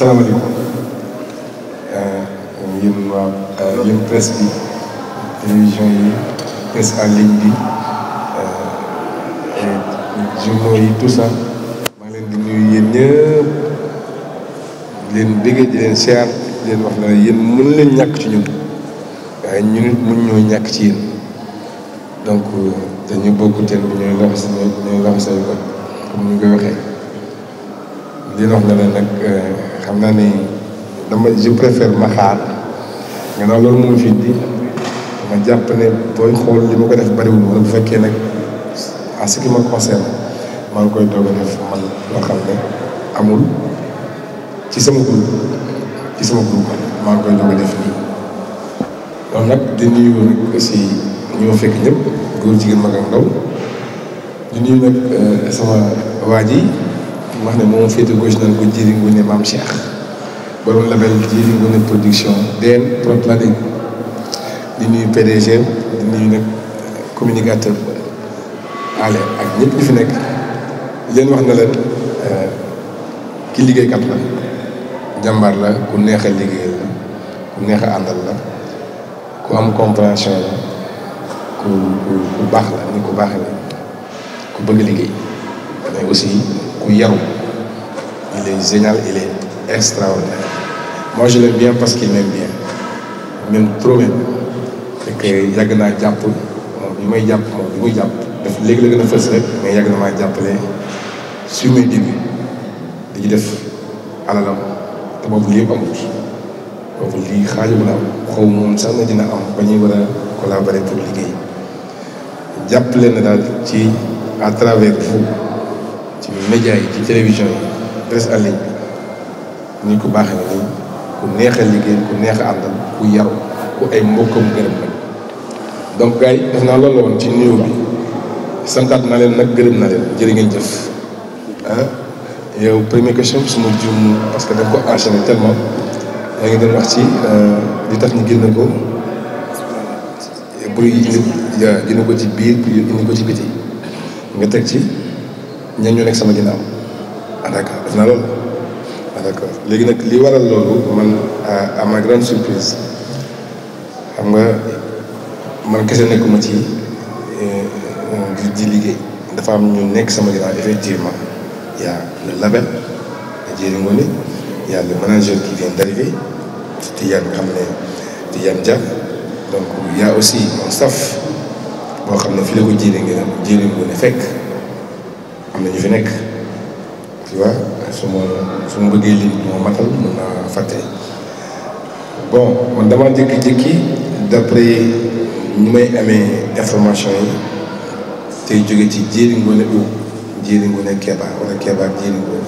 salaamaaleykum euh, euh, yéen waa euh, yéen presse bi télévision yi presse en ligne bi journaux yi tout ça maa ngi leen ñëpp leen bëggee leen siyaar di leen wax na yéen mën leen ñàkk ci ñun waaye ñu nit ñoo ñàkk ci yéen donc dañu bokku teen bi ñooy laxas ñooy laxasay ko comme ñu koy waxee leen wax na la nag xam naa ni dama je préfère ma xaar nga naan loolu moom fii di dama jàpp ne booy xool li ma ko def bariwul wala bu fekkee nag en ce qui me concerne maa ngi koy doog a def man loo xam ne amul ci sama groupe ci sama groupe maa ngi koy doog def nii loolu nag di nuyu nag aussi ñoo fekk ñëpp góor jigéen mag ndaw di nuyu nag euh, sama waa ji wax ne moom féete gauche naan ko jëriñ ne maam Cheikh. borom label Djily Ngoné production DN Prod Planning di nuyu PDG di nuyu nag communicateur ale ak ñëpp ñi fi nekk leen wax na leen euh, ki liggéeykat la jàmbaar la ku neex a liggéey la ku neex a àndal la ku am compréhension la ku ku baax la ni ku baaxee la ku bëgg liggéey aussi ku yaru il est génial il extraordinaire. Moi, je l'aime bien parce qu'il m'aime bien. même trop même. c'est yàgg naa jàpp moom bi may jàpp moom bi muy jàpp léegi la gën a fës rek mais yàgg na maa jàppale sur mes débuts dañu def alalam te boobu lépp amut boobu lii xaaju bu la am xaw moom sax na dina am ba ñuy war a collaborer pour liggéey jàppale na daal ci à travers vous ci médias yi ci télévision yi presse en ligne ni ñu ko baaxee na nii ku neex a liggéey ku neex àndal ku yaru ku ay mbokkam gërëm nag donc gars yi def naa loolu la woon ci nuyoo bi santaat naa leen nag gërëm naa leen jërë ngeen jëf ah yow première question suma juum parce que daf ko enchaîné tellement yaa ngi doon wax ci euh, li tax ñu génn ko bu indi génn ko ci biir pour ci biti nga teg ci ñan ñoo nekk sama ginnaaw ah d'accord def naa loolu Ah, d'accord léegi nag li waral loolu man à ma grande surprise xam nga man kese nekkuma ci euh, euh, di liggéey dafa am ñu nekk sama ginnaaw effectivement ma a le label Diery Ngoné y a le manager qui vient d'arriver Tidiane nga xam ne Tidiane Dia donc y a aussi mon staff boo xam ne fi la ko Diery Ngoné Diery Ngoné fekk am na ñu fi nekk tu vois. su ma su ma bëggee lim ma matal mun naa fàtte bon man dama jékki-jékki d'après ñu may amee information yi tey jóge ci Diéry Ngoné Lo Diéry Ngoné Keba wala Keba Diéry Ngoné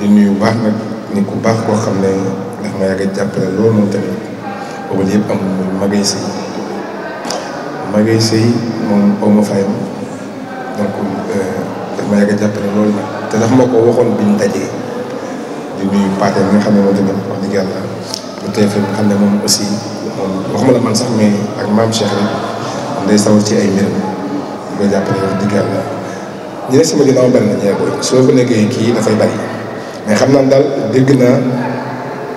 di nuyu baax nag ni ku baax koo xam ne daf ma yàgg a jàppale loolu moom tamit boobu yëpp amul magay sëy magay sëy moom aw donc euh, daf ma yàgg jàppale loolu nag te daf ma ko waxoon biñ dajee di bi Pathé mi nga xam ne moom tamit wax dëgg xam ne moom aussi moom waxuma la man ak maam Cheikh rek am day sawar ci ay ne sama ginnaaw benn ñee ko soo fa nekkee kii dafay bari mais xam naa daal dégg naa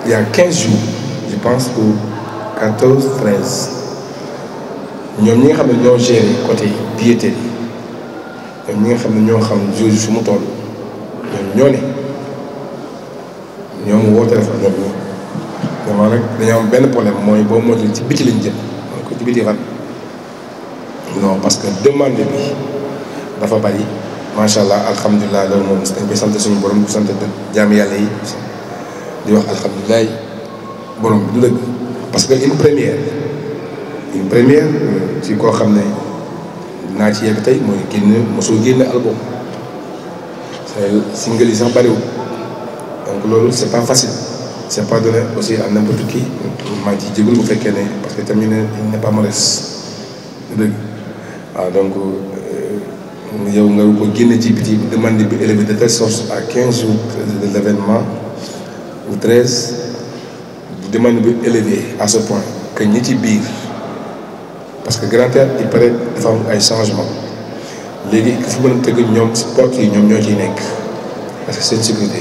il y a quinze jours je pense au ñoom ñi nga xam ne ñoo côté billetterie ñoom ñi nga xam ne ñoo xam jour su mu toll. ñoo ne ñoom woo téléphone ñoom ñoom nag dañoo benn problème mooy boo moytuwul ci biti lañ jëm mooy ko ci biti fan. non parce que demande bi dafa bari macha allah alhamdulilah loolu moom dañ koy sant suñu borom di sant jaam yàlla yi di wax alhamdulilah borom du dëgg parce que une première une première euh, ci koo xam ne naa ci yegg tey mooy génn mosoo génn album. Euh, single yi sax bariwul donc loolu c' est pas facile c' est pas donné aussi à n'importe qui maa ngi ciy jégul bu fekkee ne parce que tamit il n' est ah, donc euh, yow nga ko génne ci biti bi élevé de telle sorte à quinze jours de l' ou treize demande bi élevée à ce point que ñi ci biir parce que grand théâtre il paraît dafa ay changement léegi ki fi mën a tëgg ñoom sport yi ñoom ñoo ciy nekk parce que seen sécurité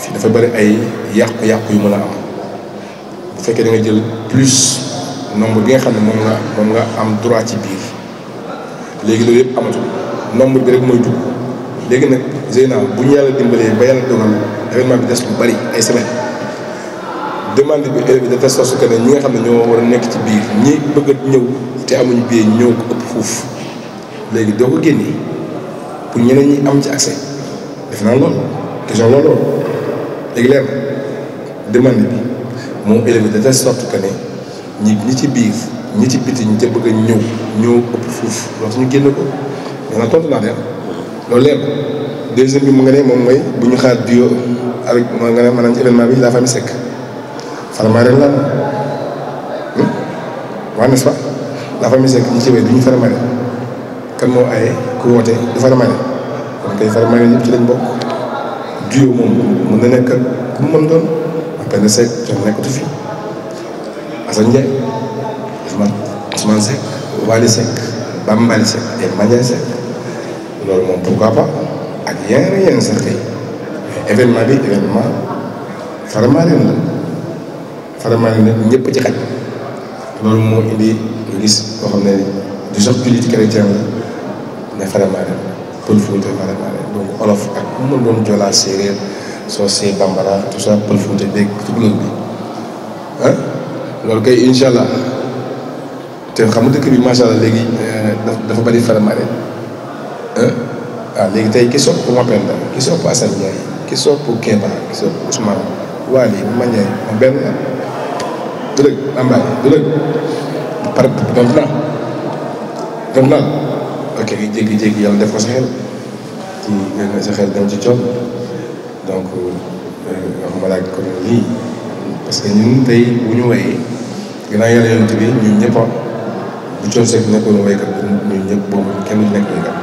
fii dafa bëri ay yàqu-yàqu yu mën a am bu fekkee da nga jël plus nombre bi nga xam ne moom nga moom nga am droit ci biir léegi loolu yëpp amatul nombre bi rek mooy dugg léegi nag Zeyna bu ñu yàlla dimbalee ba yàlla dogal événement bi des lu bari ay semaine demande bi élèves yi dafa sos que ne ñi nga xam ne ñoo war a nekk ci biir ñi bëgg a ñëw te amuñu biir ñëw ko ëpp fuuf. léegi doo ko génnee pour ñu ñeneen ñi am ci accès def naa loolu question loolu loolu léegi leer na demande bi moo élevé de telle sorte que ne ñi ñi ci biir ñi ci biti ñi ca bëgg a ñëw ñëw ëpp fuuf loolu ñu génn ko mais nag tontu naa leen loolu leer deuxième bi mu nga ne moom mooy bu ñu xaar duo avec moo nga ne maanaam ci événement bi la famille Seck farama ren la waaw hmm? n'est-ce pas ci wéy du ñu farama ren kan moo aye ku woote di Farmané kon kay Farmané ñëpp ci lañ bokk duo moom mën na nekk ku mu mën doon ak benn Seck coono nekkatu fi Assane Ndiaye Ousmane Ousmane Seck Waly Seck Bambali Seck et Mandiaye Seck loolu moom pourquoi pas ak yeneen yeneen sax tey événement bi événement Farmané la Farmané ñëpp ci xaj loolu moo indi ñu gis xam ne du sax jullit chrétien la ne Faramareen pël Fuuta Faramareen donc olof ak mu doon Joola séeréer soo see bambara tout ça pël Fuuta bi ah loolu kay incha allah te xam nga dëkk bi macha allah léegi dafa bëri Faramareen ah léegi tey ki sopp Mapenda ki sopp Assane Ndiaye ki sopp Kéba ki sopp Ousmane Waly Mañaay ma benn dëgg Ambaay dëgg par exemple. ak yi jékki-jékki yàlla def ko sa xel ci nga sa xel dem ci coono donc euh, waxuma laaj ko lii parce que ñun tey bu ñu wayee gannaaw yàlla yonent bi ñun ñëpp bu coono seeg nekkoon waykat ñun ñëpp boobu kenn nekk waykat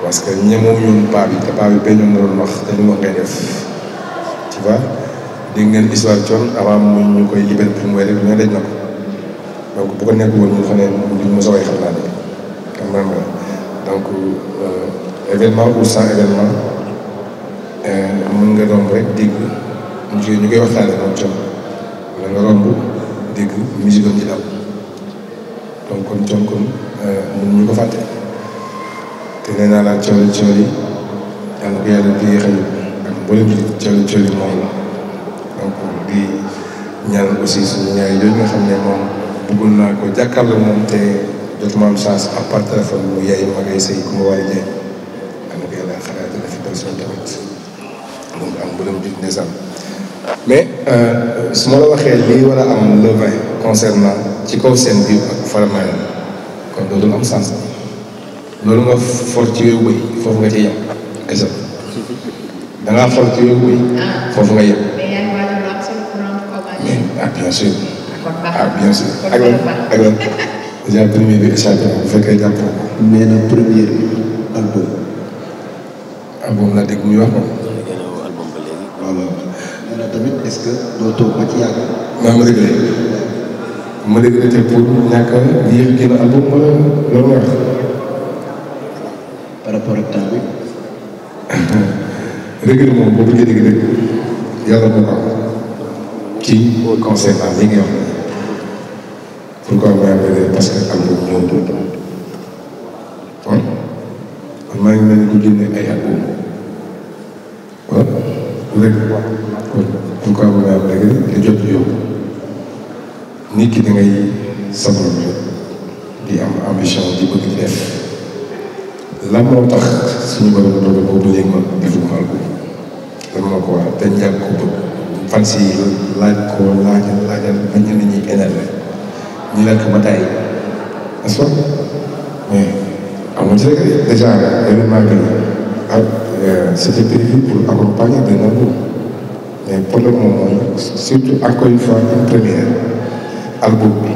parce que ñemoo ñoon paa bi te paa bi benn yoon doon ngay def tu vois dégg histoire coon avant mu ñu koy libéré pour mu way rek ñu daj na ko donc bu ko nekk woon ñun xam ne duñ mos a way xam naa même donc euh, événement ou sans événement euh, mën nga doon rek dégg ñu ñu koy waxtaane moom com wala nga romb dégg musique am ci dal donc kon com euh, ñu ko fàtte te nee naa laa cooli cooli yàlla ñaan aussi suñu ñaari xam ne moom bëggoon naa ko jàkkaarloo moom te jotuma am chance à part téléphone mu yaay ma ngay sëy ku ma war a jaay am ko yàlla xalaat dina fi dem seen tamit donc am bu euh, a am ci kaw seen biir ak faramaay kon dootul am sens loolu nga for ci wéewu foofu nga ci yem dangaa for ci wéewu foofu nga yem ah bien sûr ah, ah bien sûr ak lan déjà premier bi échappé bu fekkee jàpp nee na premier album. album la dégg muy wax album ba léegi. waaw nee na tamit est-ce que doo toog ba ci ma regretté ma regretté pour ñàkk a yéex génn album loolu nga par rapport ak temps bi. regret moom boo bëggee dégg rek yàlla bu baax ci conseil bi li nga wax. pourquoi ma amee parce que àll boobu moo dund kon man maa ngi mel ni ku jëndee ay àll boobu kon bu dee kon pourquoi ma amee léegi nit ki da ngay sabal am ambition di bëgg ko waral dañ yàgg ko bëgg fan laaj ko laajal laajal bañ na ñuy énervé. ñu lekk ba tey nest mais amuñu ci rek déjà événement bi ak euh, c'était prévu pour accompagner de nouveau mais pour le moment surtout encore une fois une première album bi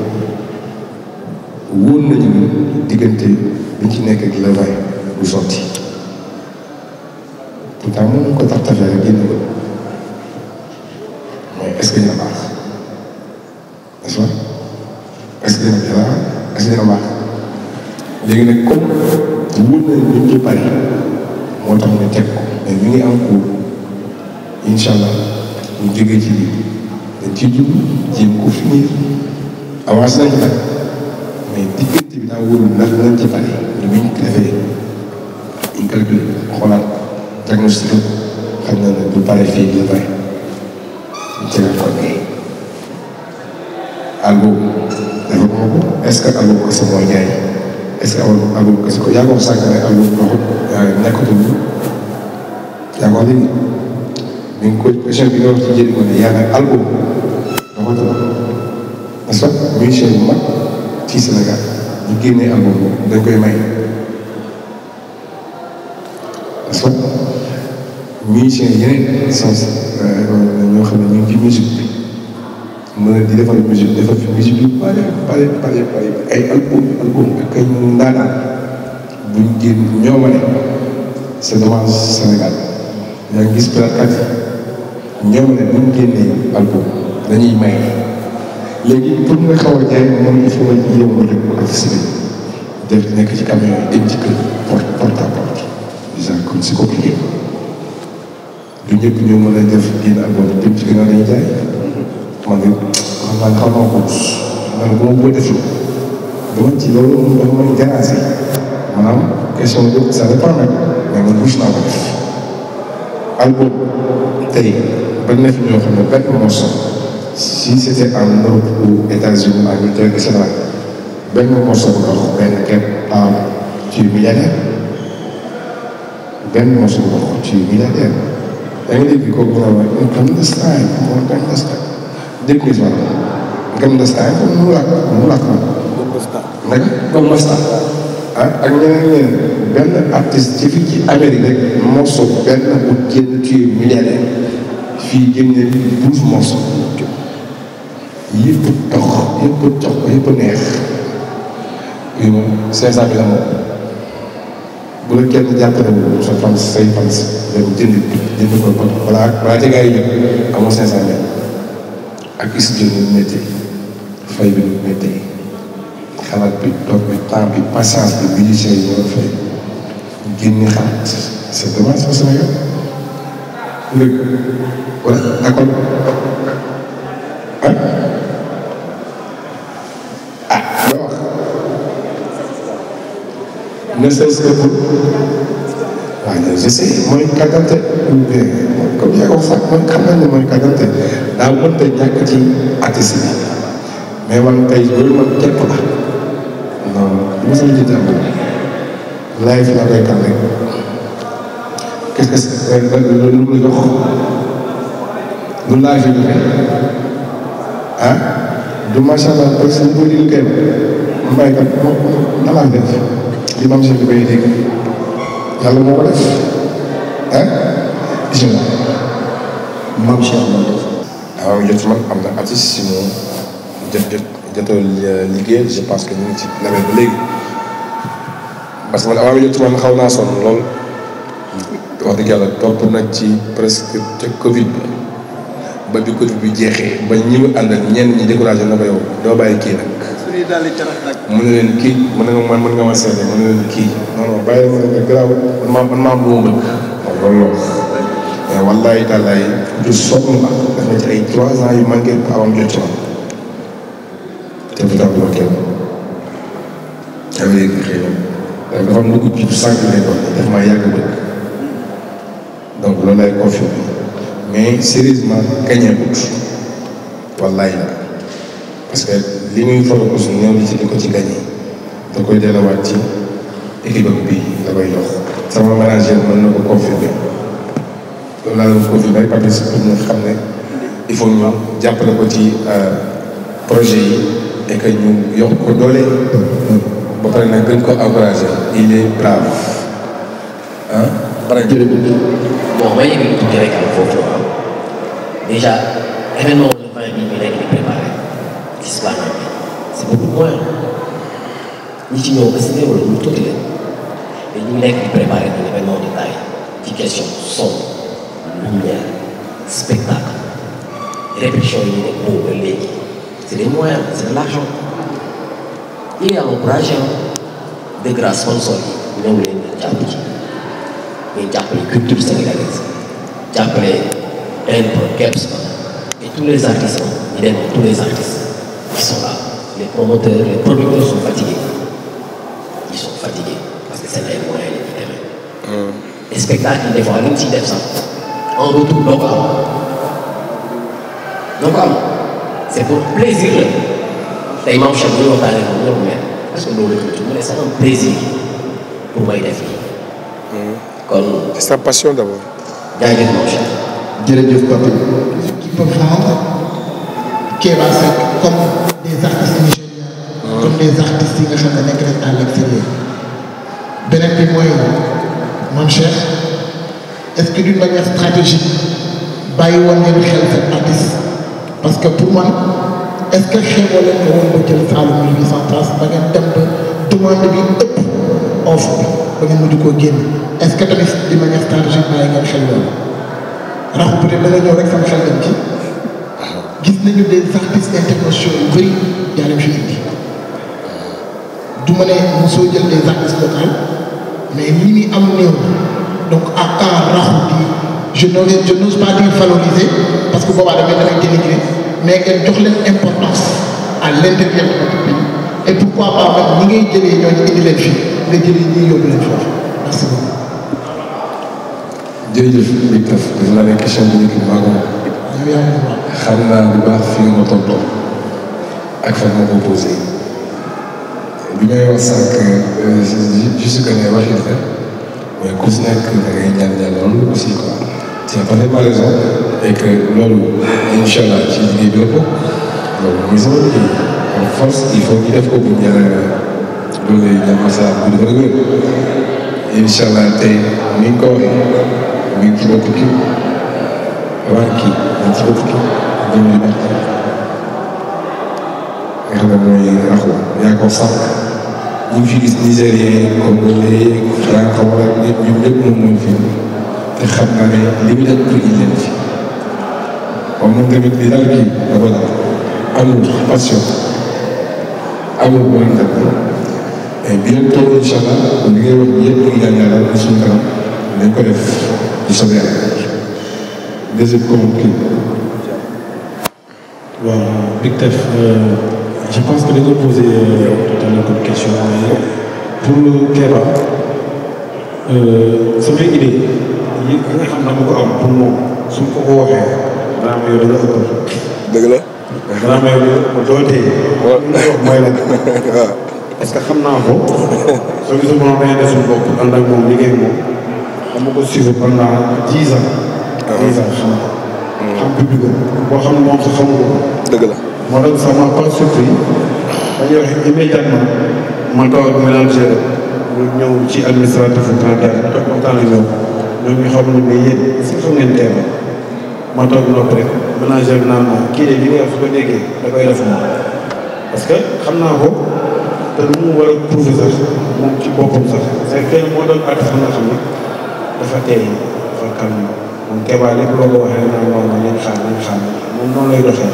wóor nañu diggante bi ci nekk ak levay bu sotti pourtant mënuñu ko tax tafeere génn ko mais est-ce que dina baax gën a defar as gën a baax léegi nag comme wóor na ñu ci pare moo tax ñu teg ko mais mi ngi am cours incha allah ñu jógee ci lii dañ ciy jub jéem ko finir avancé nag mais diggante bi ci pare ñu ngi defee ñu calcul xoolaat diagnostic xam na du pare fii du pare ñu tegal ko boobu est ce que amul ko si mooy jaay est ce que amul amul ko si ko yaa ngi wax sànq ne amul waxut yaa ngi wax léegi ko question bi nga wax ci jëriñ ko ne yaa ngi album waxatul n'est-ce pas muy koy may n'est-ce pas muy chaîne yeneen euh, xam ne ñu ngi ci ma di defal musique defal fi musique yu bare bare bare bare ay album album ak ay ndaanaan buñ génn ñoo ma ne c'est devant Sénégal yaa ngi gis plateforme yi ñoo ma ne buñ génnee album dañuy may léegi pour nga xaw a jaay moom il faut ma yëngu rek mu def si def nekk ci camion yi dem ci kër porte porte à porte déjà comme c'est compliqué du ñoo mën a def génn album man xaw ma ko man bu ma ko defee donc ci loolu moom da ma garanti maanaam question boobu ça dépend nag mais man rus naa ko def. album tey ba nekk ñoo xam ne benn morceau si c'était en Europe ou États-Unis Angleterre et cetera benn morceau bu dox benn kenn am ci milliardaire benn morceau bu dox ci milliardaire da nga dégg kooku xam nga understand dégg nga gëm na saa yi mu làkk mu làkk moom. nag gëm na saa ah, ak ñeneen ñeneen benn artiste ci fii ci Amérique rek morceau benn bu génn tuye milliardaire fii génne douze morceau yëpp tox yëpp tox yëpp neex yooyu moom cinq cent bi la moom bu la kenn jàppale wu sa fan say fan dem jënd jënd ko balaa balaa ca gars yi ñëpp amoo cinq cent mille ak is jënd métier fay bi ñu koy tey bi toog bi temps bi patience bi musicien yi war a fay génne xalaat c' est dommage au Sénégal léegi wala d'accord ah ne sees que pour waaw ñoom je sais mooy kàggante mooy xam nañ ne mooy kàggante ci artiste bi mais man tey loolu man képp la non ma sëñ bi jàpp la live la koy tànn rek quest que c'est loolu la jox lu live du macha allah parce que bu dul kenn mbay kat moom na laa def li ma am bay dégg yàlla moo ko def ah gis nga am na artiste si moom jot jot jotoo euh, liggéey je pense que ñu ngi ci nawet ba léegi parce que man avant mi naa sonn lool dëgg yàlla topp nag ci presque ca Covid bi bi jeexee ba ñi mu àndal leen kii mën na ma mën nga ma yu manqué avant mi jot ci te du tax kenn am léegi yàgg bëgg donc loolu lay confirmé mais sérieusement gañeekut wallaay la parce que li muy faral aussi ñëw li ci di ko ci gañe da koy delluwaat ci équipe bi la koy jox. sama manager mën na ko confirmé loolu laa doon confirmé ay xam ne il faut ñu jàppale ko ci euh, projet yi. et que yokk doole ba pare nag gën ko encouragé il est brave ah. par exemple jërëjëf. bon may yëngu tuuti rek am foofu déjà événement wu la bi ñu nekk di préparé ci subaana bi c'est beaucoup moins ci ñëw parce que néew la ñu tuuti leen mais ñu di préparé un événement de taille ci question son lumière spectacle répétition yi ñu nekk c'est les moyens, c'est l'argent. il est encouragé de grâce sponsor yi ñëw leen jàpp ci ñuy jàppale culture sénégalaise jàppale Impro Kebs tous les artistes ñu dem tous les artistes qui sont là les promoteurs les sont fatigués ils sont fatigués parce que seen ay moyens la ñuy demee. les spectacles yi des fois li ñu ciy def sax en retour doo c'est pour plaisir la tey maam Cheikh bu ñu waxtaanee moom ñoom mel parce que loolu la mu ne c'est un plaisir pour may def yi kon c'est sa passion d'abord. jaajëf maam Cheikh. jërëjëf Pape. qui peut faire Kéba Seck comme des artistes nigériens. Hmm. comme des artistes yi nga xam ne nekk nañ à l'extérieur. beneen bi mooy maam Cheikh est-ce que d'une manière stratégique bàyyi woon ngeen xel seen artiste. parce que pour man est-ce que xeeboo leen ko woon ba jël saalum 1813 ba ngeen dem ba demande bi ëpp offre bi ba ngeen mujj koo génn est-ce que di manière stratégique bàyyi ngeen xel loolu rax bu dee da nga rek sama xel dem gis nañu des artistes internationaux yu bëri jaareem fi indi du ma ne mosoo jël des artistes locales mais li muy am néew donc à part raxu di je n'ose je n'ose pas dire valoriser parce que boobaa damay damay dénigrer mais ngeen jox leen importance à l'intérieur de notre pays et pourquoi pas man ñi ngay jëlee ñooñu indi leen fii nga jëlee ñuy yóbbu leen foofu merci beaucoup. jërëjëf Big Taf daf laa ne question bu njëkk maa ko xam naa bu baax fi nga ma tontoo ak fan ma ko posé bi may wax sànq juste que ne waxit la mais ku si nekk da ngay ñaan ñaan loolu aussi quoi. c'est parfaitement raison et loolu incha allah ci liggéey bi la bokk en force il faut ñu def ko bu ñaare loolu lay dem masa bu dafa dëgër incha allah tey ni nga ko waxee mi ngi ci bopp kii avant kii mi ngi ci bopp kii jëm li baax nga xam ne mooy yaa ko sànq ñu ngi fi gis nigérien congolais franc xaw ma ñëpp ñoom ñëpp moom mooy fi te li mu leen prix leen ci kon moom tamit li daal kii dafa daal passion amul volonté et bientôt incha allah li ngay wax yëpp ñu ngi ñaanal ak suñu kanam dañ ko def ci euh, je pense que dañoo posé tout à l'heure comme pour Kéba euh, samay idée. yi nga xam ne mu ko am pour moom suñ ko ko waxee dana am yow dana dëgg la. dana am doo tee. waaw li wax mooy waaw. parce xam naa ko. soo gisul moom day des suñu bopp ànd ak moom liggéey moom. dama ko suivre pendant dix ah. xam nga. xam boo xam ne moom sax xamu ko. dëgg la. moo tax sama par surprise dañuy wax immédiatement man taw ak ménager ñëw ci administratif bi daal daal waxtaan ak ñoom ñoom ñu xam ne mais yéen si fa ngeen teewee ma toog nopp rek manager bi naan moom kii de li que xam naa ko mu war ci boppam sax nga xam ne dafa teey dafa calme moom Keba la ñu xaar lay doxee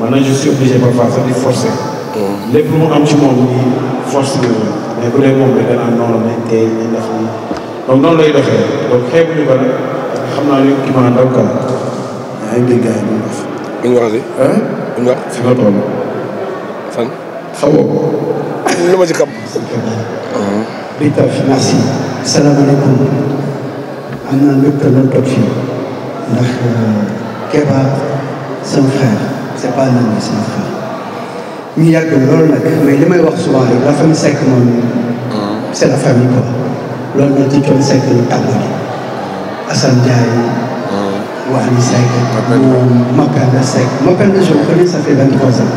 man nag je suis obligé parfois sax di forcer mm. moom noonu lay doxee donc xeebu ñu ko nag xam naa ne maa ndaw quoi. yaa ngi dégg gars yi ñu wax. bu ñu nga toll. fan. xamoo ko. lu ma ci xam. Binta ah. merci. salaamaaleykum. am naa mbégte la toog fii ndax euh, Kéba li may wax souvent rek la famille Seck moom. Ah. c'est la loolu noonu ci coon sekk lu tàggu ni Assane Ndiaye hmm. Wally Seck Mapenda Seck Mapenda je connais ça fait vingt-trois ans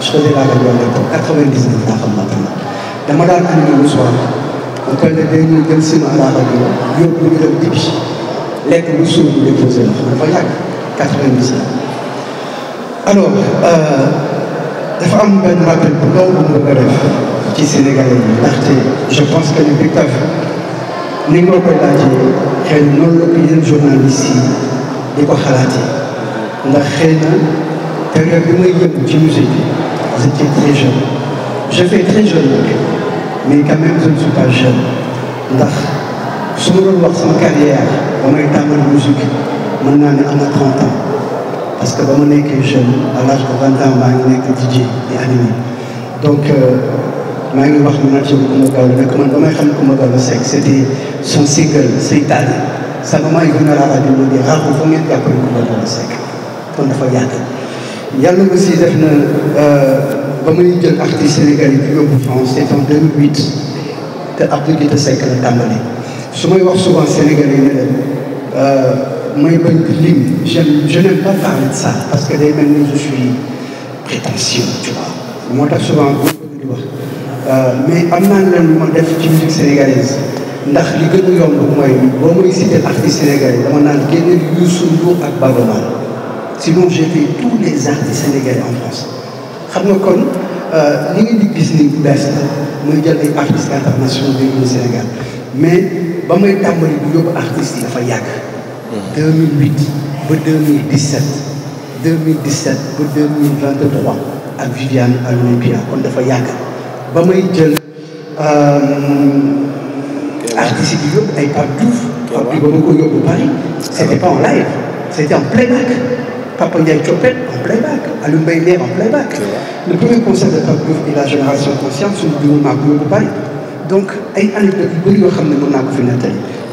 je faisais la radio à l'époque quatre-vingt-dix-neuf laa xam Mapenda dama daan animé lu soir Mapenda day ñuy jël sima à la radio yóbbu ñu dem dibi lekk lu suur ñu déposé la xam dafa yàgg quatre-vingt-dix-neuf alors euh, dafa am benn rappel bu ndaw bu mu bëgg a def ci Sénégalais yi ndaxte je pense que ñu big taf ni nga koy laajee noonu la ko yéen journaliste di ko xalaatee ndax xëy na période bi may yëngu ci musique j'étais très jeune je fais très jeune nag mais quand même sama carrière ba may tàmbal musique mën naa ne am parce que ba ma nekkee jeune à l'âge de nekk DJ di animé euh, maa ngi wax naan suñu Coumba Gawlo mais man damay xam Coumba Gawlo Seck c'était son sigle seytaane sa maman vulnérable bi mu di raaxul fa ngeen jàppale Coumba Gawlo Seck kon dafa yàgg yàlla aussi def na euh, ba muy jël artiste sénégal yi di yóbbu France c'est en 2008 te Abdou Guité Seck la tàmbali su may wax souvent sénégalais yi ne leen euh, may bañ lim je je n'aime parce que day mel ni je suis prétentieux tu vois moo tax souvent di wax Euh, mais am naa la lu ma def ci musique sénégalaise ndax li gën a yomb mooy boo may cité artiste dama naan génneel Youssou Ndour ak Baaba Maal sinon j'ai fait tous les artistes sénégalais en France xam nga kon euh, li ngeen di gis ni bees muy jël ay artistes internationaux bi ñu Sénégal mais ba may tàmbali bu yóbbu artistes yi dafa yàgg 2008 ba 2017 2017 ba 2023 ak Viviane à l'Olympia kon dafa yàgg ba may jël euh, artistes yi yóbbu ay Pape Diouf. Pape Diouf ba ma ko yóbbu c'était pas en live c'était en playback. Papa Ndiaye Thiopet en playback Alioune en playback. le premier concert de Pape Diouf et la génération consciente suñu juróom-maag bu yóbbu Paris. donc ay anecdotes yu bëri yoo xam ne mën naa ko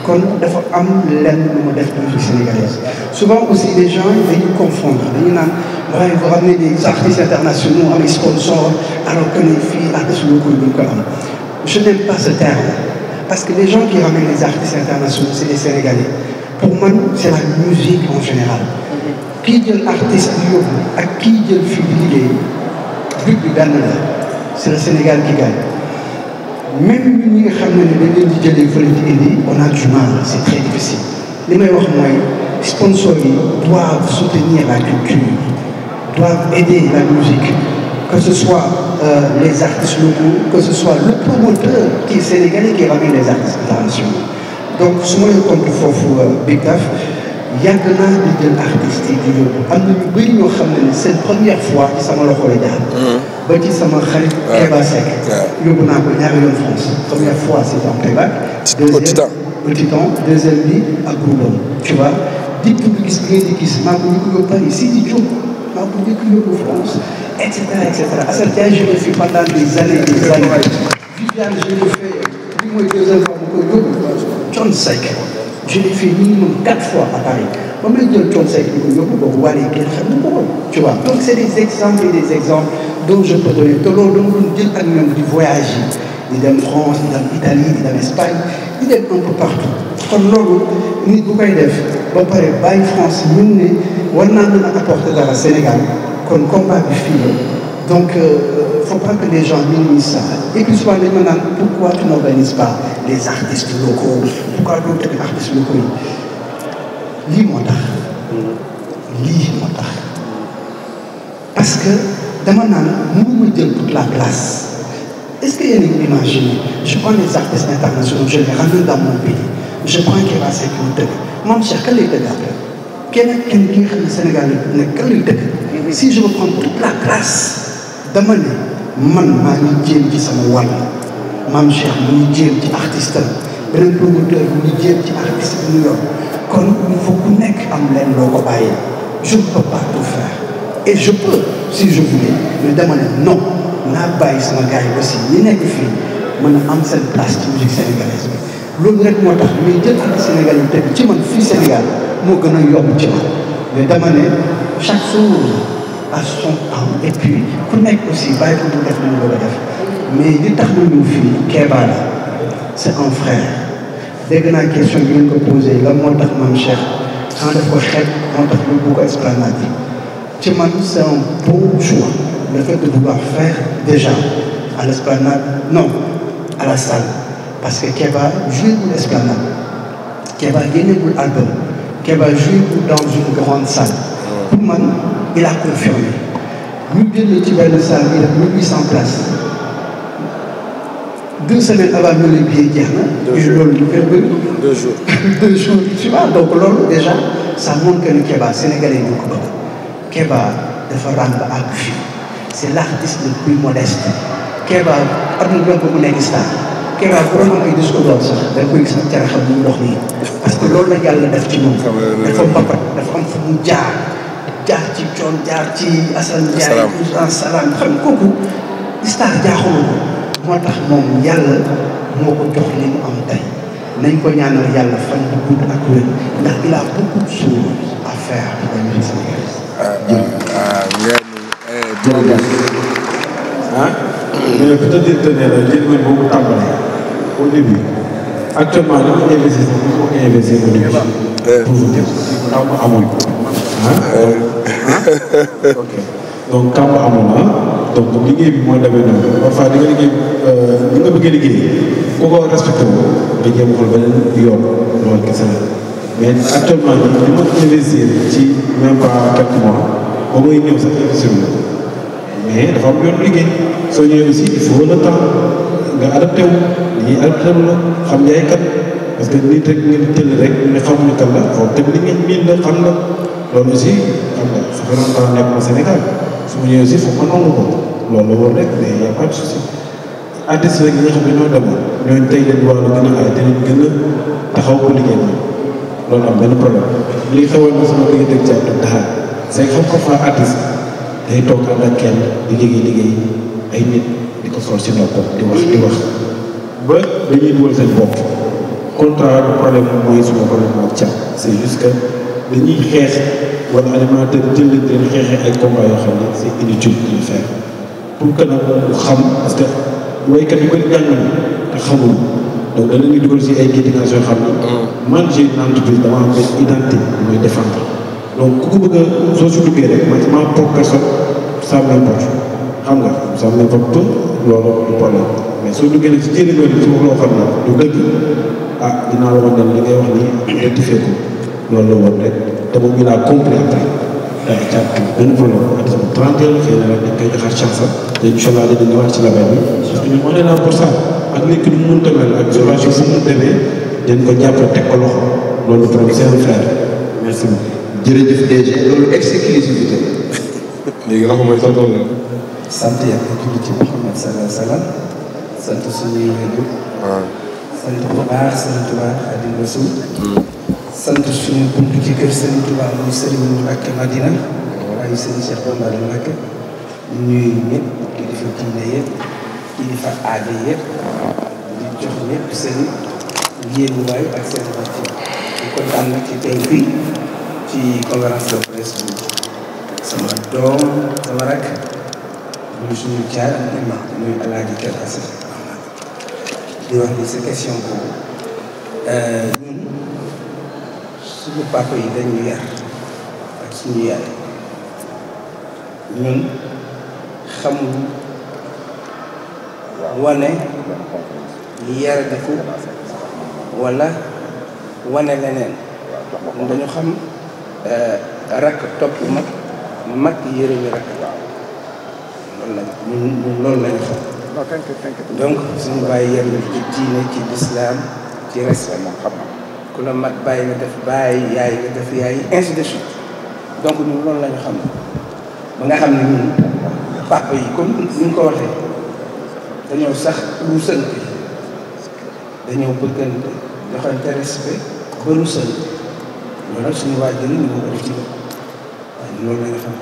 kon dafa am lenn lu mu def culture sénégalaise souvent aussi les gens dañu confondre dañu naan waaye vous ramenez des artistes internationaux avec sponsors alors que les filles artistes locaux duñ parce que les gens qui ramènent les artistes internationaux c'est les sénégalais pour man c'est la musique en général kii jël artiste yóbbu ak kii jël fii liggéey but bi benn la c'est le Sénégal qui gagne même ñun nga xam ne dañ leen di jëlee fële ci indi on a du mal c'est très difficile li may wax mooy sponsors yi doivent soutenir la culture doivent aider la musique que ce soit euh, les artistes locaux que ce soit le promoteur qui est sénégalais qui ramène les artistes internationaux donc su ma leen compte foofu euh, Big Taf yàgg naa di di yóbbu am na ñu xam ne seen première fois ci sama loxo la hmm. ba ci sama xarit. waaw Kéba Seck. yóbbu naa ko France première fois c'est en Québec. deuxième Titan Titan deuxième bi ak Goudon. tu vois di ko gis ngeen di gis maa ko ñu ko yóbbu si di jóg maa ko ñu ko yóbbu France et cetera et cetera Assane Dia je l'ai fait pendant des années des années. Viviane je l'ai fait bi mooy deuxième fois mu je l'ai fait minimum quatre fois à Paris ba may jël Thione Seck di ko yóbbu boobu waree des exemples et des exemples dont je peux donner te loolu dama di voyager di dem France di dem Italie di dem Espagne di dem un peu partout kon loolu nit bu koy def ba pare bàyyi France ñun ne war naa mën a Sénégal kon combat bi donc euh, euh faut que les gens minimisent ça et puis souvent dañ ma pourquoi tu n'organises pas les artistes locaux pourquoi doo teg lii moo lii moo parce que dama naan mënuma jël toute la place est-ce que yéen a ngi imaginer je prends les artistes internationaux je les ramène dans mon pays je prends Kéba Seck mu dëkk Mame Cheikh kan lay dëkk après kenn ak kenn ki nga xam ne ne kan lay dëkk si je veux prendre toute la place dama ne man maa ngi jéem ci sama wàll Mame Cheikh mu ngi jéem ci beneen promoteur mu ngi jéem ci artiste bi ñu yor kon il faut ku nekk am leen loo ko bàyyi je ne peux pas et je peux si je voulais mais dama ne non naa bàyyi sama gars yi aussi ñi nekk fii mën a am seen place ci musique sénégalaise bi loolu rek moo tax ñuy jël ak Sénégal yu teg ci man fii Sénégal moo gën a yomb ci man mais dama ne chaque chose a son temps et puis ku nekk aussi bàyyi ko mu def lu mu bëgg def mais li tax ma ñëw fii Kéba c' est un frère dégg naa question bi ngeen ko posé lan moo tax maam Cheikh xanaa daf ko xeet moo tax ñu bugg ko esplanade bi c' est un beau choix le fait de vouloir faire déjà à l' non à la salle parce que Kéba joué wul esplanade Kéba génnewul album Kéba joué wul dans une grande salle pour man il a confirmé ñu génne ci benn salle bi def mille une semaine avant ñu ne bii jeex na. deux jours loolu deux jours. deux jours tu vois donc loolu déjà ça montre que ni Kéba sénégalais ñu ko bëgg Kéba dafa ràmb ak fii c'est l'artiste le plus modeste na benn bu nekk star Kéba vraiment gis ak caraxam bu mu dox nii parce que loolu la yàlla def ci moom. dafa mbapat mu jaar jaar ci coon jaar ci. asalaamaaleykum jaar ci Ousseyn Salam xam nga kooku moo tax moom yàlla moo ko jox li mu am tey nañ ko ñaanal yàlla fan bu gudd ak wér ndax il a beaucoup de choses à faire pour la musique sénégalaise. jërëjëf ah. mais peut être ne la léegi mooy boo ko tàmbalee au début actuellement li mu investir il faut que investir au euh, début. pour mu jëm amuñ ko ah. ok. donc kàmb amoon na donc liggéey bi mooy demee noonu parfois di nga liggéey li euh, nga bëgg a liggéey ku ko respecté wu nga jéem a mais actuellement nii li ma investir même pas quelques mois ba may mais dafa am yoon liggéey soo ñëwee aussi il faut le temps nga adapté wu dañuy xam yaay parce que nit rek nga tëll rek ne xamuñu kan la xaw ma tamit li nga bu ñëwee si foog nga nangu ko loolu la war rek mais y' a pas de souci artiste rek ñi nga tey dañu war a gën a aay dinañ gën a taxaw ko liggéey bi loolu am benn problème li xewal na sama liggéey teg jàpp taxaw c'est que xam ko fa artiste day toog ànd ak kenn di liggéey liggéey ay nit di ko sol si noppam di wax di wax ba dañuy wër seen bopp contraire problème mooy suma problème ak càmm c'est juste que. dañuy xeex wala animateur jël leen xeexee ay combat yoo xam ne si inutile de le faire pour que xam parce que waykat yu bëri jàng da leen di dugal si ay guédinages yoo xam ne. man j'ai une entreprise dama am benn ku ko bëgg soo si duggee rek man ma propre personne ça m'importe xam nga ça m'importe loolu du problème soo duggee si jëriñoo li si wax loo xam ne du dëgg ah dinaa wax ne li ngay wax nii rectifier ko. loolu la woon rek te moom ñu laa compris après daa euh, ngi jàpp benn problème ak na nag dañ koy joxaat chance te incha allah dañuy ñëwaat ci label bi parce que ñun on est là pour ça ak nekk du mu mën a mel ak relation fu mu demee dañ ko jàpp teg ko loxo loolu trop c'est un frère merci beaucoup. jërëjëf DG loolu exclusivité léegi nga xam mooy sant la. sant yàlla julli ci Muhammad sallallahu alayhi wa sallam sant suñuy wér sant bu baax sant bu baax sant suñu bunt ci kër Serigne Touba muy Serigne Mbacke Madina waaye Serigne Cheikh Bamba di Mbacke ñuy ñëpp kilifa diine yëpp kilifa aada yëpp di jox ñëpp seen yéenuwaay ak seen wàcce ci tey fii ci sama doom sama rak muy suñu jaar ima muy alaaji Kër Assane di wax ni sa question euh, suñu papa yi dañu yar ak suñu yaay ñun xamul wane yar defu wala wane leneen dañu xam eh, rakk topp mag mag yërëmi rakk loolu la ñun loolu lañu xam donc suñu bàyyi yar ñu ci diine ci lislaam ci respect moom xam ku la mag bàyyi nga def bàyyi yaay nga def yaay ainsi donc ñun loolu la ñu xam ba nga xam ne ñun papa yi comme ni ñu ko waxee dañoo sax ruusante dañoo bëggante joxante respect ba ruusante loolu nag suñu waajur ñu ngi loolu la ñu xam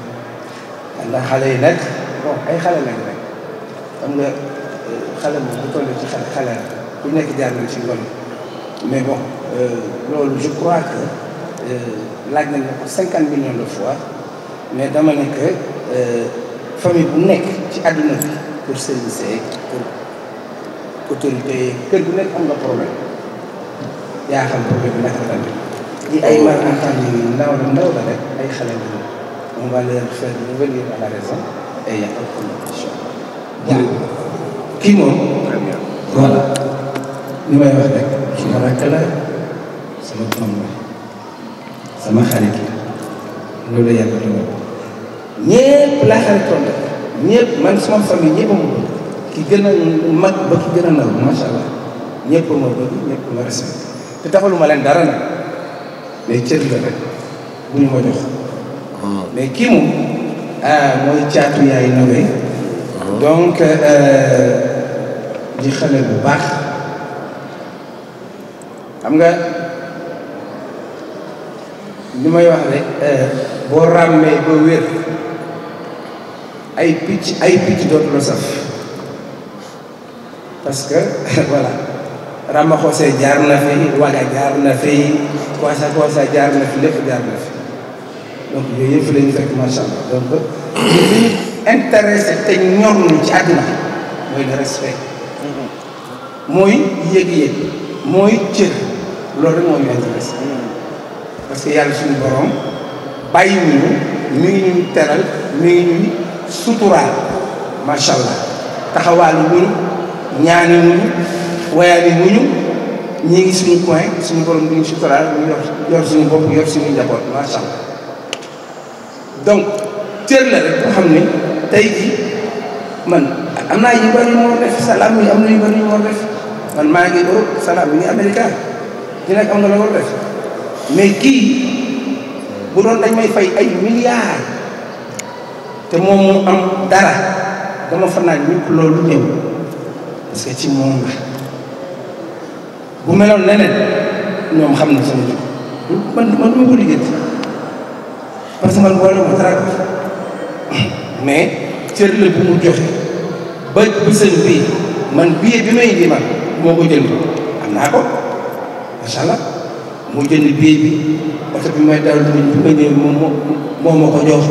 ndax xale yi nag bon ay xale lañ rek xam nga euh, xale moom bu toll ci xale xale la ku nekk jaar na mais bon. Euh, loolu je crois que euh, laaj nañ ko cinquante millions de fois mais dama ne que euh, famille bu nekk ci àdduna bi pour service yeeg pour autorité yeeg kër gu nekk am nga problème yaa xam problème bi naka la mel. li ay oh. malentendus yi ndaw la ndaw la rek ay xale yu bëri on va leur faire revenir à la raison et y a pas de problème incha allah. kii moom. voilà li may wax rek. su ma rakk la. moom la sama xarit la loolu yàlla dogal ñëpp laa xaritoon rek ñëpp man sama famille ñëpp ma bëgg ki gën a mag ba ki gën a ndaw macha allah ñëpp ma bëgg ñëpp ma respecté te taxalu leen dara nag mais cër la rek bu ñu ma jox. Ah. mais kii moom ah, mooy caatu yaay nawee ah. donc euh, di xale bu baax xam nga. li may wax rek euh, boo ràmmee ba wér ay picc ay picc dootu la saf parce que voilà Ramaphosa jaar na fi Ouaga jaar na fi Kouassa Kouassa jaar na fi lépp jaar na fi donc yooyu yëpp lañuy ñu fekk macha allah donc li te ñor ñu ci àdduna mooy le respect mm-hmm. mooy yëg-yëg mooy cër loolu moo ñu parce yàlla suñu borom bàyyi ñu mi ngi ñuy teral mi ngi ñuy suturaal macha allah taxawaalu wuñu ñaani wuñu wayaani wuñu ñi ngi suñu coin suñu borom bi ñu suturaal ñu yor suñu bopp yor suñu njaboot macha allah donc cër la rek nga xam ne tey jii man am naa ma war def yi am bari yu ma def salaam yi ngi Amérique dina am nga def. mais kii bu doon dañ may fay ay milliards te moom mu am dara dama fa naan ñëpp loolu ñëw parce que ci moom la bu meloon leneen ñoom xam na sama jikko man man du ko liggéey parce que man boole ma dara mais cër la bu mu joxe ba bu sëñ bii man billet bi may indi man moo ko jënd am naa ko macha allah. mu jënd biir bi oto bi may dawal tamit bi ma ñëw moom moo ma ko jox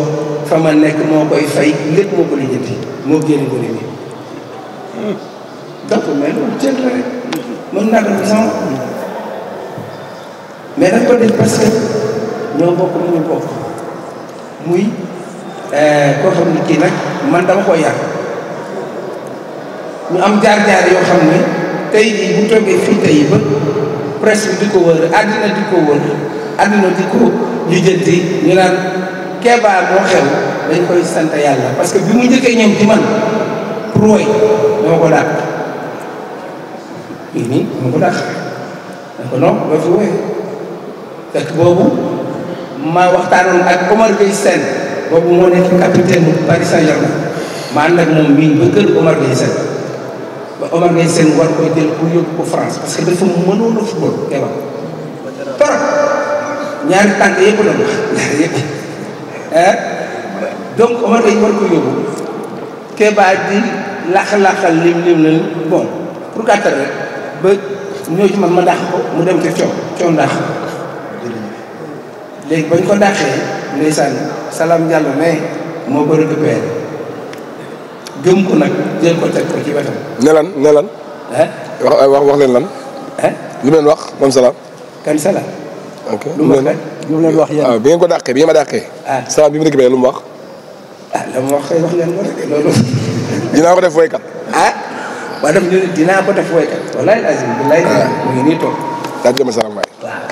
fa ma nekk moo koy fay lépp moo ko lijjanti moo génn ko ni donc muy euh, koo kii nag man dama koo yàq ñu am jaar-jaar yoo xam ne tey bu toogee fii tey ba presque bi di ko wër àddina di ko wër àddina di ko lijjanti ñu naan keebaa moo xew dañ koy sant yàlla parce que bi mu njëkkee ñëw ci man pour woy dama ko dàq fii nii dama ko dàq dama ko non doo fi woy boobu ma waxtaanoon ak Omar Gueye Sène boobu moo nekk capitaine bu Paris Saint-Germain ma ànd moom miin ba kër Omar Gueye Sène ba Omar Gueye Sène war koy jël pour yóbbu ko France parce que dafa mënoon a football teewal par ñaari la wax ñaari yëpp eh? donc Omar Gueye war ko di lax-laxal lim lim lim bon pour gàttal ba ñoo ci ma dàq ko mu dem ca coow coow dàq léegi bañ ko dàqee ndeysaan salaam jàll mais moo bëri du gëm ko nag jël ko teg ko ci wetam. ne lan wax wax leen lan. lu leen wax man salaam. kan salaam. ok lu mu wax lu wax yéen. Ah, bi ngeen ko dàqee bi ngeen ma dàqee. Ah. salaam bi mu récupéré lu mu wax. ah la mu wax dinaa ko def woykat. ah waa dem ñu dinaa ko def woykat. walaay azim ah. mu ngi nii toog. daal di salaam waay. waaw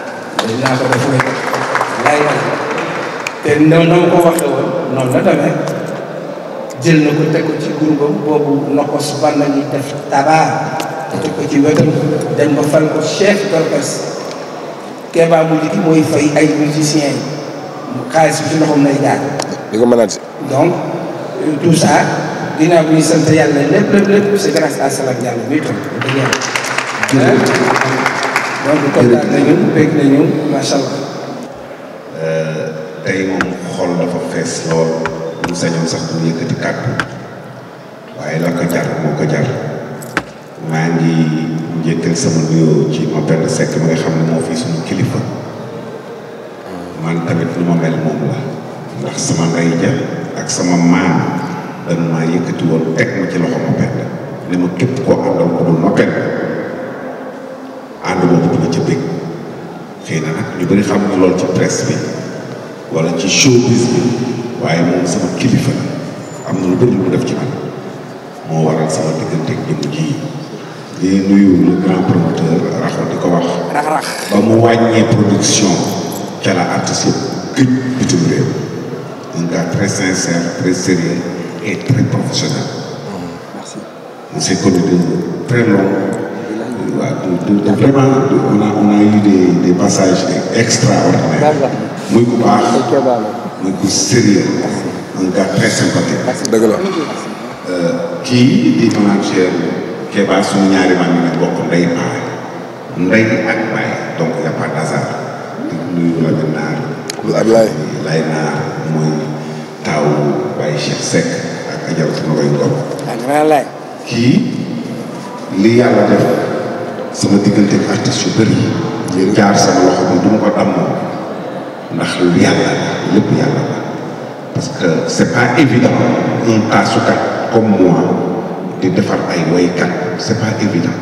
dinaa ko def woykat. walaay azim. te na ma ko woon noonu la tamit jël na ko teg ci. gurgam boobu la ko suba la ñuy def tabaar teg ko ci wetam dañ ko fal ko chef d'orchestre Kéba mu ngi mooy fay ay musiciens yi xaalis bi ci loxoom lay jaar. di ko mënaat si. donc tout ça ginnaaw bi ñu yàlla lépp lépp lépp c'est grâce à nañu bég nañu macha allah. Euh, tey moom xol dafa fees lool. mu sax du yëkkati kàddu waaye la ko jar moo ko jar maa ngi njëkkal sama nuyoo ci ma benn sekk mi nga xam ne moo fi suñu kilifa man tamit lu ma mel moom la ndax sama ndey ja ak sama maam dañ maa yëkkati woon teg ma ci loxo ma benn li ma képp ko ci presse bi ci showbiz bi am na lu bëri lu mu def ci man moo waral sama diggante ak jëmm ji di nuyu le grand promoteur raxo di ko wax. rax-rax ba mu wàññee production ca la artiste gëj bitim réew. un gars très sincère et très muy ku baax muy ku sérieux. un gars très sympathique. Euh, kii di li yàlla def sama diggante artiste yu bëri ñu jaar sama loxo du ma ko dammoo ndax yàlla la yàlla parce que c'est pas évident un taasukat comme moi di defar ay waykat c'est pas évident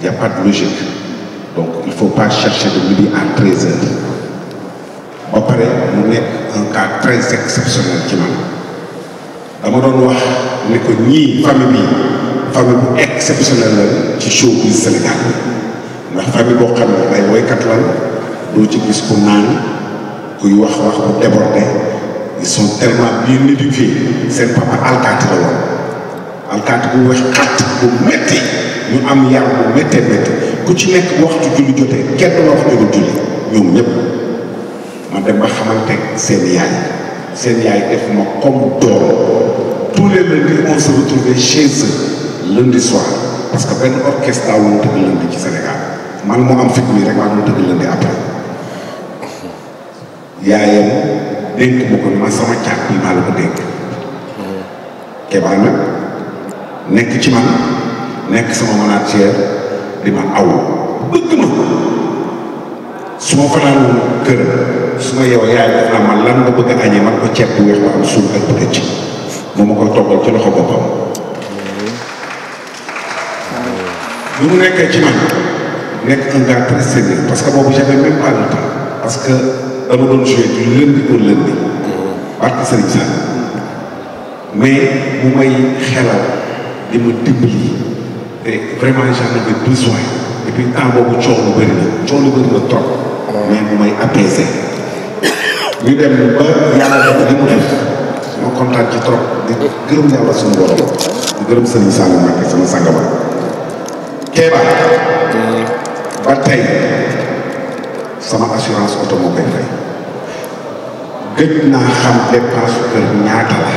il y a pas de pare mu nekk un cas très exceptionnel ci man dama doon wax ne ko ñii famille bi bu exceptionnel la ci showbiz Sénégal bi ndax famille boo xam ne ay waykat lan doo ci gis ku naan kuy wax wax bu débordé ils sont tellement bien seen papa alkaati la woon alkaati bu weex xat bu métti ñu am yar bu méttee métti ku ci nekk waxtu julli jotee kenn la wax dëgg julli ñoom ñëpp ma dem ba xamante seen yaay seen yaay def ma comme doom tous les lundis on se retrouvait chez eux lundi parce que benn orchestre daaw woon tëgg lundi ci Sénégal man moo am fit mi rek maa doon tëgg lundi après yaayam. dénk ma ko ma sama càkk bi maa la ko dénk mm-hmm. Keba nekk ci man nekk sama manager di ma aw bëgg ma su ma fanaan kër su ma yow yaay def naa ma lan nga bëgg a man ko ceeb bu weex ba am suul ak bëgg ci moo ma koy toggal ci loxo boppam lu mm-hmm. mu nekkee ci man nekk un gars très sérieux boobu j'avais même pas le temps dama doon joué du lundi au lundi mm-hmm. barke sëriñ sax mais mu may xelal di ma dimbali te vraiment j'en avais besoin et puis temps boobu coow lu bëri na coow lu bëri na trop mm-hmm. mais mu ñu dem ba yàlla def li mu def ma kontaan ci trop di gërëm yàlla suñu borom di gërëm sëriñ Saliou Mbacké sama sangama Kéba mm-hmm. ba tey sama assurance oto moo gëj naa xam dépense kër ñaata la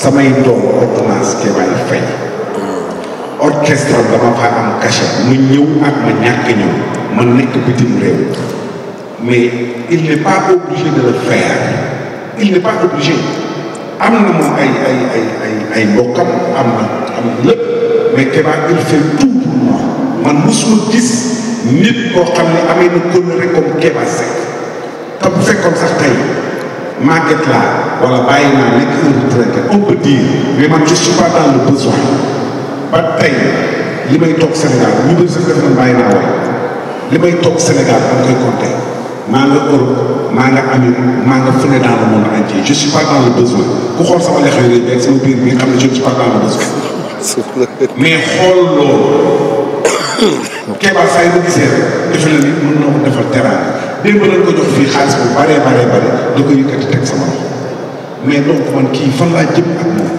samay doom ordonnance ke may fay dama fa am cachet mu ñëw ak ma ñàkk ñëw ma nekk bitim réew mais il n'est pas obligé de le faire il n'est pas obligé am na moom ay ay ay ay am na am mais Keba il fait tout pour man mosuma gis nit koo xam ne amee na kóllëre comme Kéba Seck te bu fekkoon sax tey màgget laa wala bàyyi naa nekk un retraité on peut dire mais man je suis pas dans le ba tey li may toog Sénégal ñu bëri sax def na bàyyi naa waay li may toog Sénégal da koy compté maa nga Europe maa nga Amérique maa nga fu ne dans le monde entier je suis pas dans le ku xool sama lex yooyu rek sama biir bi xam ne je ne suis pas mais xool loolu. Kéba saa yu gisee rek defe na ni mën na ko defal teraanga démb lañ ko jox fii xaalis bu baree baree bare da ko yëkkati teg sama loxo mais donc man kii fan laa jëm ak moom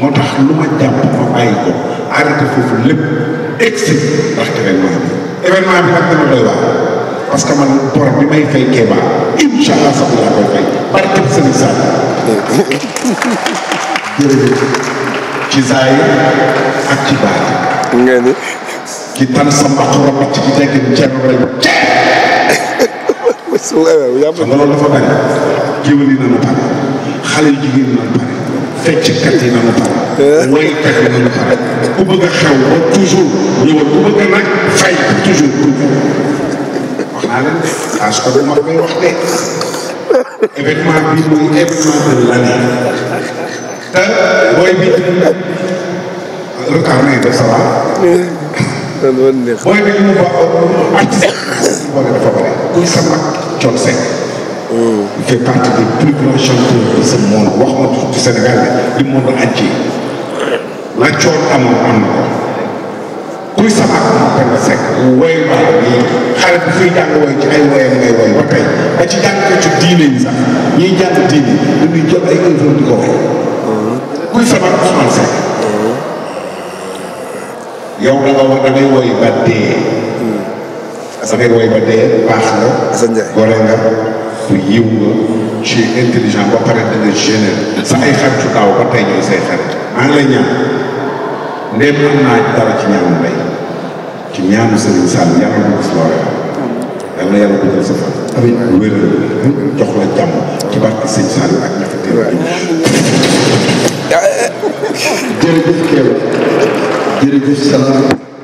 moo tax lu ma jàpp ma bàyyi ko arrêté foofu lépp exit ndax événement bi événement bi nag dama doy waar parce que man bor bi may fay Kéba incha allah sax laa koy fay barke sëriñ Sall jërëjëf ci saa yi ak ci baat ngeen di. ki tànn sa mbaq robat ci dégg ceeb bi rek ceeb. su waay yàlla. xam nga loolu dafa bëri jiwali nañu pare xale yu jigéen nañu pare fecckat yi nañu pare. Eh? waykat yi nañu pare ku bëgg a xew ba toujours ñëwal ku bëgg nag fay toujours pour wax naa leen de parce que bu mag bay wax de événement bi mooy événement de l'année te booy bi. carnet de salaam. booy bi mu baaxoon artiste boole dafa bëri. sa mag hmm. wax ma du Sénégal du monde entier. la Thione amoon am na ko. kuy sa mag moom Penda Seck. woy ba nii xale bu fiy jàng woy ci ay woyam ngay woy ba tey ba ci jàng ko ci diine yi sax ñiy jàng diine dañuy jël ay œuvre di ko hmm. kuy sa mag Ousmane Seck. yow da nga wax da ngay woy ba dee. Assane baax nga. gore nga ku yiw nga. tu intelligent ba pare da nga généreux. sa ay xaritu daaw ba tey ñooy say xarit. maa ngi lay ñaan ndéem am naa dara ci ñaanu mbay ci ñaanu Serigne Sall yàlla na ko si looy yàlla na yàlla dugal sa fan. amiin jox la jàmm ci barke Serigne Sall ak ñafa teew. jërëjëf Kelle. jërëjëf salaam